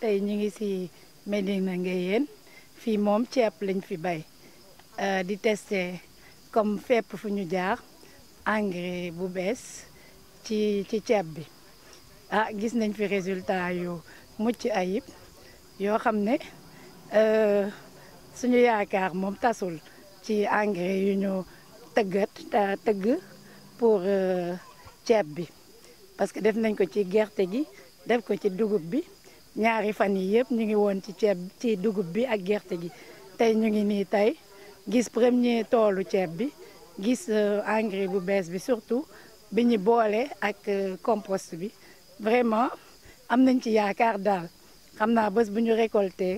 tey ñu ngi si Medina moom ceeb lañ fi bay euh, di comme nous fu jaar engrais bu ci ci bi ah gis nañ fi résultat yu mucc ayib yoo xam ne euh, suñu nous moom tasul ci engrais yu ñu pour euh, ceeb bi parce que def nañ ko ci gerte gi def ko ci dugub bi ñaari fan yi yëpp ñu ngi woon ci ceeb ci dugub bi ak gerte gi tey ñu ngi nii tey gis premier toolu ceeb bi gis euh, engrais bu bees bi surtout bi ñu boole ak euh, compost bi vraiment am nañ ci yaakaar daal xam naa bés bu ñu récolté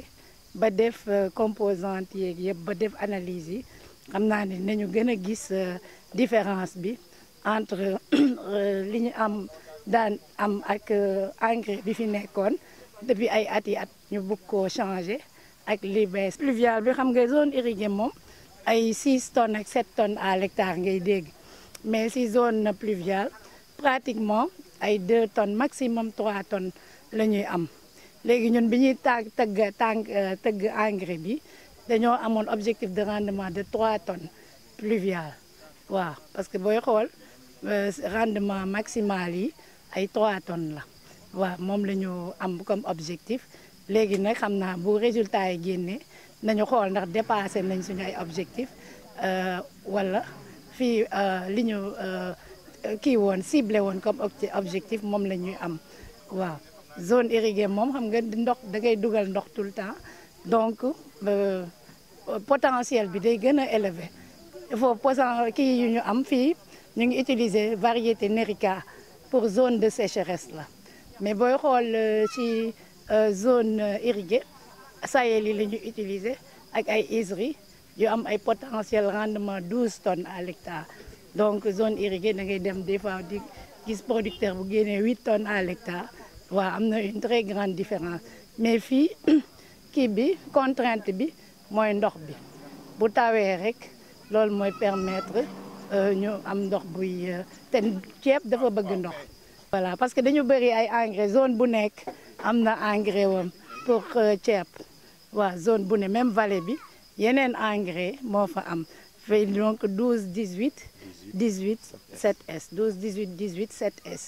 ba def euh, composante yeeg yëpp ba def analyse yi xam naa ne nañu gën a gis différence bi entre li ñu am daan am ak engrais bi fi nekkoon depuis ay at yi at ñu bëgg koo changé ak li bees pluvial bi xam nga zone irriguée moom 6 tonnes ak 7 tonnes à l'hectare ngay dégg mais si zone pluviale pratiquement ay 2 tonnes maximum 3 tonnes Nous avons am léegi ñun bi ñuy tàgg euh, objectif de rendement de 3 tonnes pluvial. parce que booy euh, rendement maximal yi ay 3 tonnes wa, moom la ñu am comme objectif léegi nag xam naa bu résultat yi génnee nañu xool ndax dépassé nañ suñu ay euh, wala fii euh, li ñu euh, kii woon cible woon comme objectif moom la ñuy am wa, zone irriguée moom xam nga ndox da ngay ndox tout le temps donc euh, potentiel bi day gën élevé il faut posen kii yu ñu am fii ñu ngi utiliser variété nerica pour zone de sécheresse là mais on xool euh, ci euh, zone euh, irriguée ça yi est ñu utiliser ak les iseries yu am ay potentiel rendement 12 tonnes à l'hectare donc zone irriguée da ngay des fois di ont 8 tonnes à l'hectare il y a une très grande différence mais fii qui bi contrainte bi mooy ndox bi bu tawee rek loolu mooy permettre ñu am ndox buy voilà parce que dañu avons ay engrais zone bu nekk am engrais pour euh, ceeb waaw zone bu même vallée bi yeneen engrais moo fa am fait donc 12 18 18 7S 12 18 18 7S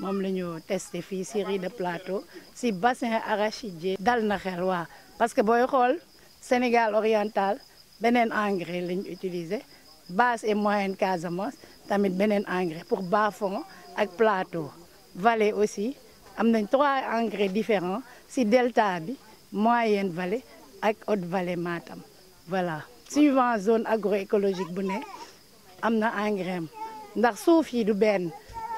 moom la ñu testé ici, si de plateau si bassin arachidier dal na xel waaw parce que booy xool Sénégal oriental beneen engrais lañ utiliser basse et moyenne Casamance tamit beneen engrais pour bas-fond ak plateau vallée aussi am trois engrais différents C'est delta bi moyenne vallée ak haute vallée Matam voilà suivant zone agroécologique bu ne am na engrais am ndax suuf yi du benn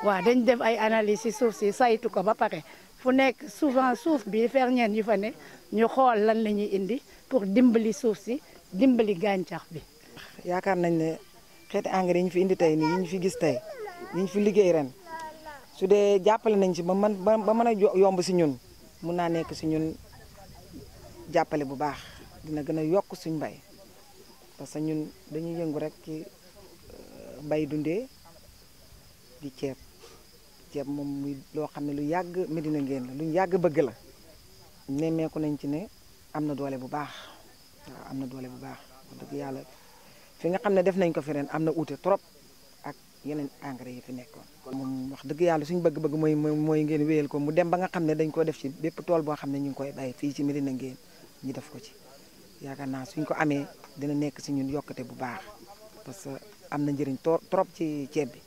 waaw dañ def ay analyse si suuf si saytu ko ba pare fu souvent suuf bi ferñeent yu fa ne ñu xool lan la indi pour dimbali suuf si dimbali gàncax bi. yaakaar nañ ne xeeti engrais yi ñu fi indi tey nii yi ñu fi gis tey ñu fi liggéey ren. su dee jàppale nañ ci ba man ba mëna yomb ci ñun ñun jappalé bu baax dina gëna yok suñ mbay parce que ñun dañuy yëngu rek ci euh, mbay dundé di ciép ciép mom muy lo xamné lu yagg Medina ngeen la luñ yàgg bëgg la nemmeeku nañ ci né amna doolé bu baax amna doolé bu baax dëgg yalla fi nga xamné def nañ ko fi ren trop yeneen engrais yi fi nekkoon. kon moom wax dëgg yàlla suñu bëgg-bëgg mooy mooy ngeen wéyal ko mu dem ba nga xam ne dañ ko def ci bépp tool boo xam ne ñu ngi koy bay fii ci Médina Nguéne ñu def ko ci yaakaar naa suñ ko amee dina nekk si ñun yokkate bu baax parce que am na njëriñ trop ci ceeb bi.